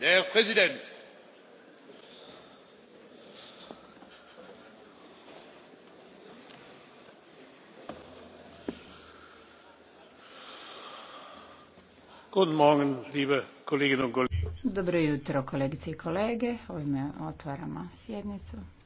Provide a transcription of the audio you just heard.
herr präsident! dobro jutro kolegice i kolege. ovime otvaramo sjednicu.